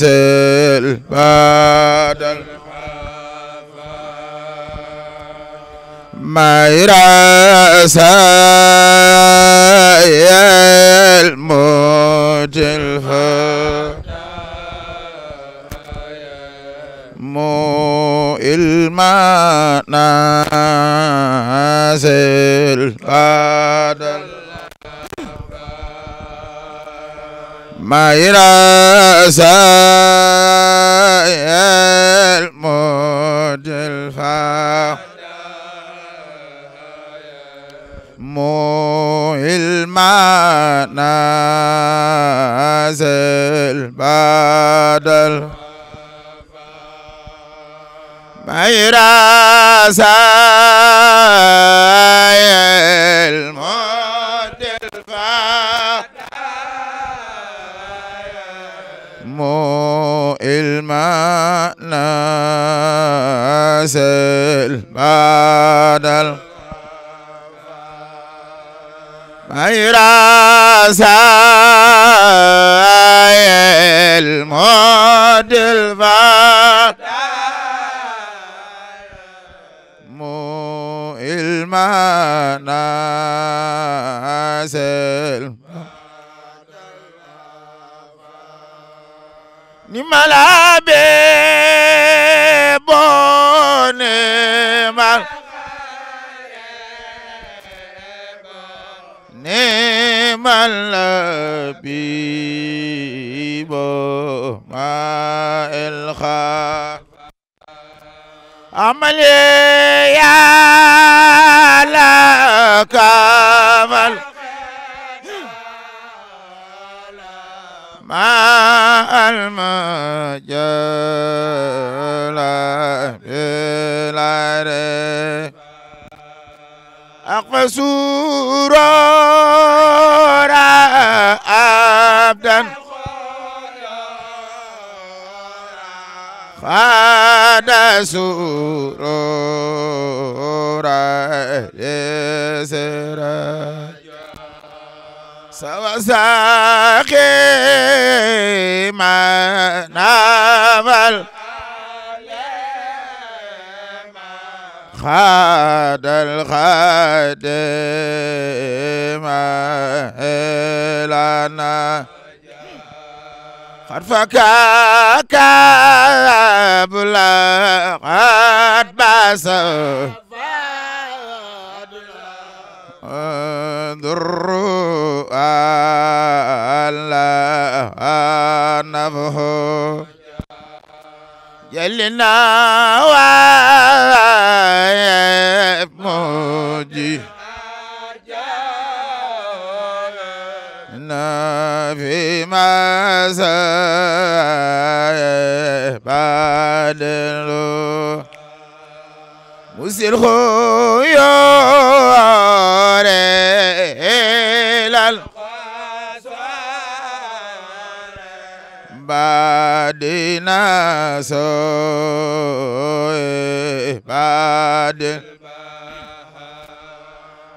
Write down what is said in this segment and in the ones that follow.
سل بدل ما يرسى الموت مو الماء نازل ما يرسى الموت الفا مو المنازل بدل ما يرسى الموت الفا الماء نازل بعد الميراث المود الفاتح مو الماء نازل ni malabe bone mal ne malabi bo ma el kha amale ya la kamal ماء المجلى بلا ريب أقف سرورا أبدا فاد سرورا يسرا سوسا خاد الخادم لنا خرفك قبل قد بس انظر الله نفه جلنا الموج في ما بعد مسير خيار إلى بعدنا سوء بعد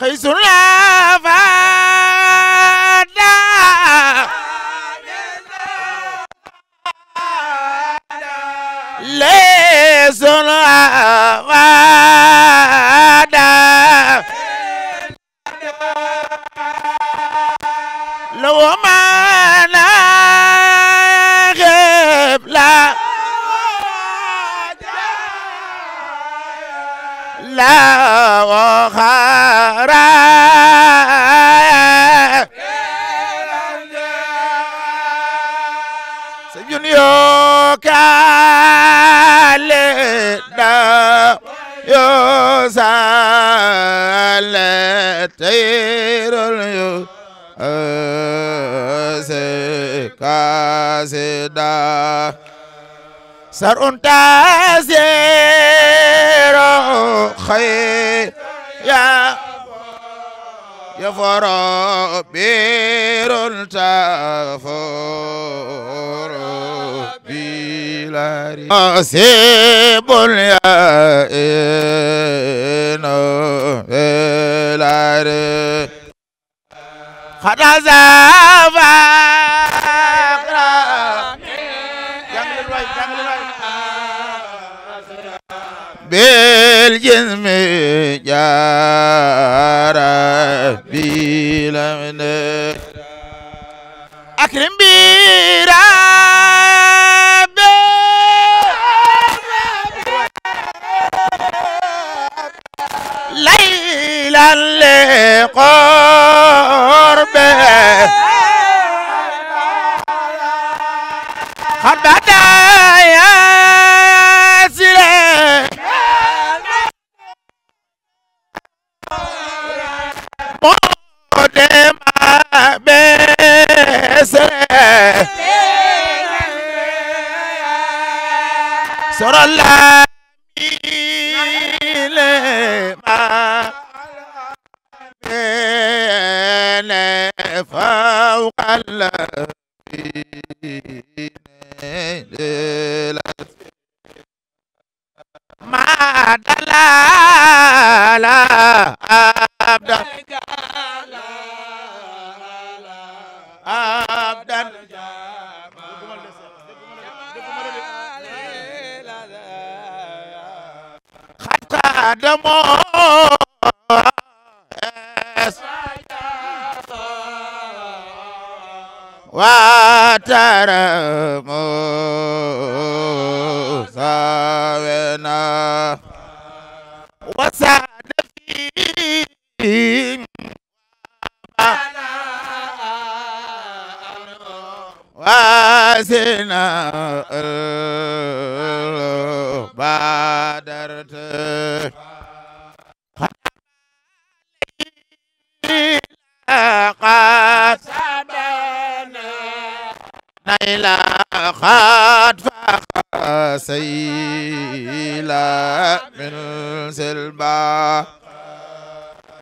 قيس فادا ليس فادا لو ما نغب لا لا ra sañun yo kale da yo sale teyrol yo se kase da sar un tasero khay ya يفر بير تفر بلاري أسيب يا إنو بلاري خدا زفر الجسم جارا بلا من أكرم بيرا ليلا لقاء الذين ما دلال أبدا أبدا خطا دمو watara mo sawena wasana fi wasina badarta qasa نيلا قد فاق سيلا من سلبا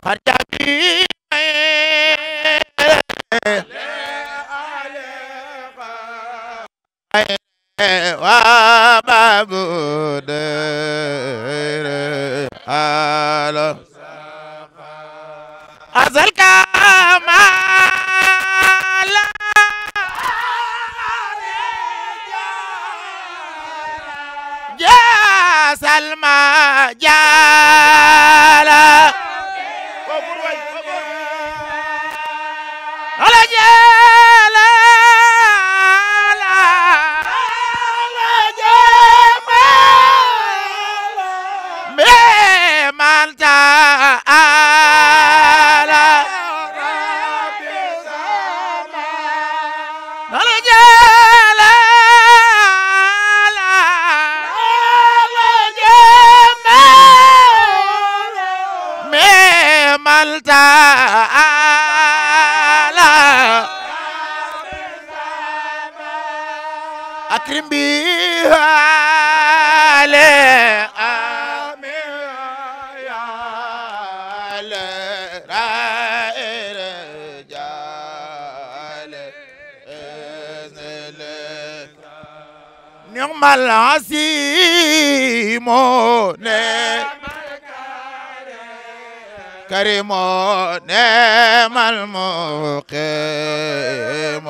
قد جميل ومعبود على أزل كمال ja عملت على أكرم بها علي نعم العظيم كريم نعم المقيم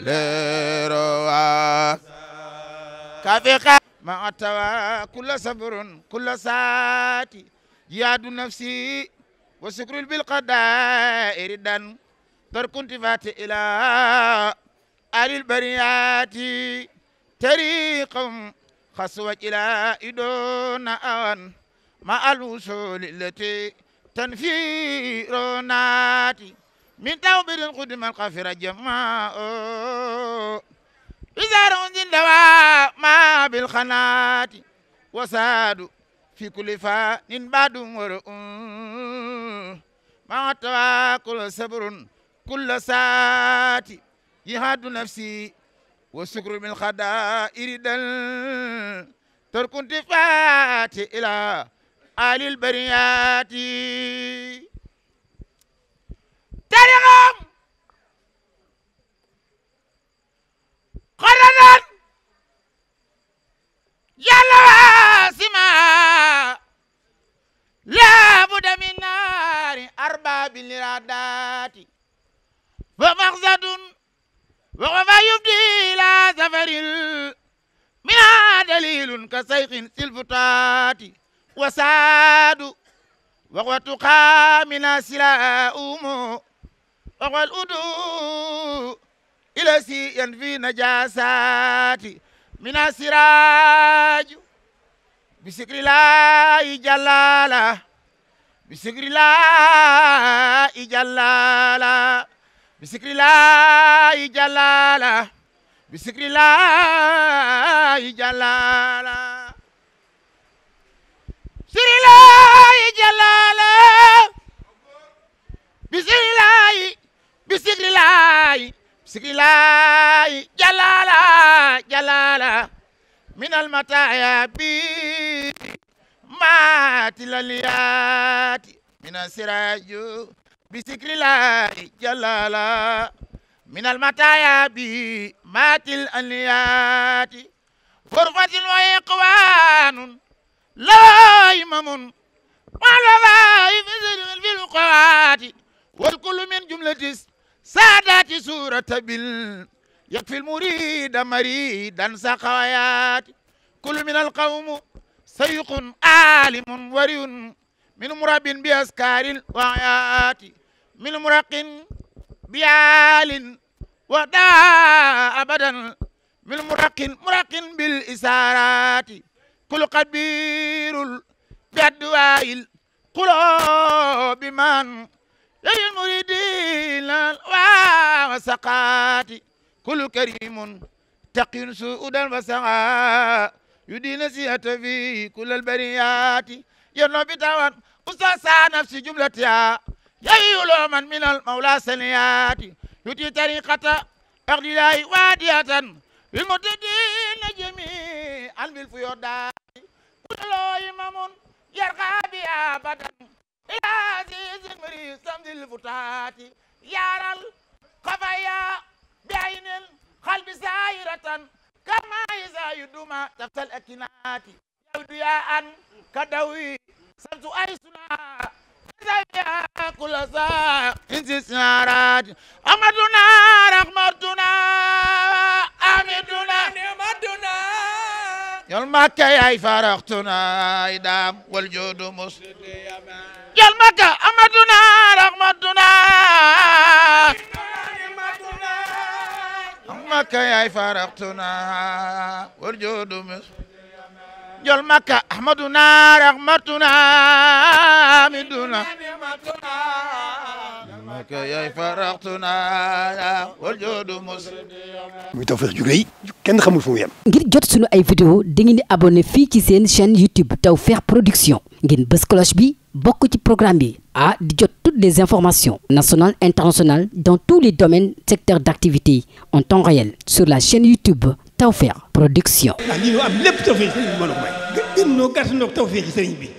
لروا كفيقا ما أتوا كل صبر كل ساتي جهاد نفسي وشكر بالقضاء ردا ترك انتفات إلى آل البريات طريقهم خصوة إلى إدون أوان مع الوصول التي تنفير ناتي من توبر قدم القافر جماء إزار أنزل دواء ما بالخنات وساد في كل فان بعد ورء مع التواكل صبر كل ساعة جهاد نفسي وسكر من خدائر دل ترك انتفاتي إلى ali lbariyaati tarixam xaranan yàlla waasima laa budda min naari arbaabi liraadaati fa maxsadun wa xafa yubdi ila safarin mina dalilun ka sayxin silfutaati wasaadu waxwa tuqaamina sila umu waxwal udu ila si yan fi najasaati mina siraaju bisikri laayi jallala bisikri laayi jallala bisikri laayi jallala bisikri laayi jallala sirilaay jalaala bi sirilaay bi sirilaay min almataaya maati laliyaati min asiraaju bi sirilaay jalaala من المطايا بمات الأنيات غرفة وإقوان لواي مم ولواي فزر في القوات والكل من جملة سادات سورة بال يكفي المريد مريدا سقايات كل من القوم سيق عالم وري من مرب بأسكار الوعيات من مرق بيال ودا أبدا من مرق مرق بالإسارات kul xabirul biadwaayil quloobi man lil muridina wa saqaati kul karimun taqin suudan wa saqa yudina siyata fi kulal bariyaati yenno bitawan ustasa nafsi jumlatiya yayulo man minal mawla saniyaati yuti tariqata aqdilahi waadiyatan lil mutadina jami'an bil fuyodaati قلم يرقى بها فتى إلى عزيز مريض سمد الفتاة يرى الخفايا بعين القلب سائرة كما إذا يدوم تفت الأكنات يود يا أن كدوي سمت أيسنا إذا يا كل ساعة إنسي سنارات أمدنا رحمتنا يا المكة يا فرحتنا إدام والجود مسلم يا المكة أمدنا رحمتنا مكة يا فرحتنا والجود مسلم يا المكة أحمدنا رحمتنا مدنا ak yaay faraxtuna waljodu muy Tawfekh ju rëy kenn xamul fu mu ngir jot sunu ay vidéo dangeen di abonné fii ci seen chaîne YouTube Tawfekh Production ngeen bës cloche bi bokk ci programme bi ah di jot toutes les informations national internationales dans tous les domaines secteurs d'activité en temps réel sur la chaîne YouTube Tawfekh Production. Ah, a may. gën noo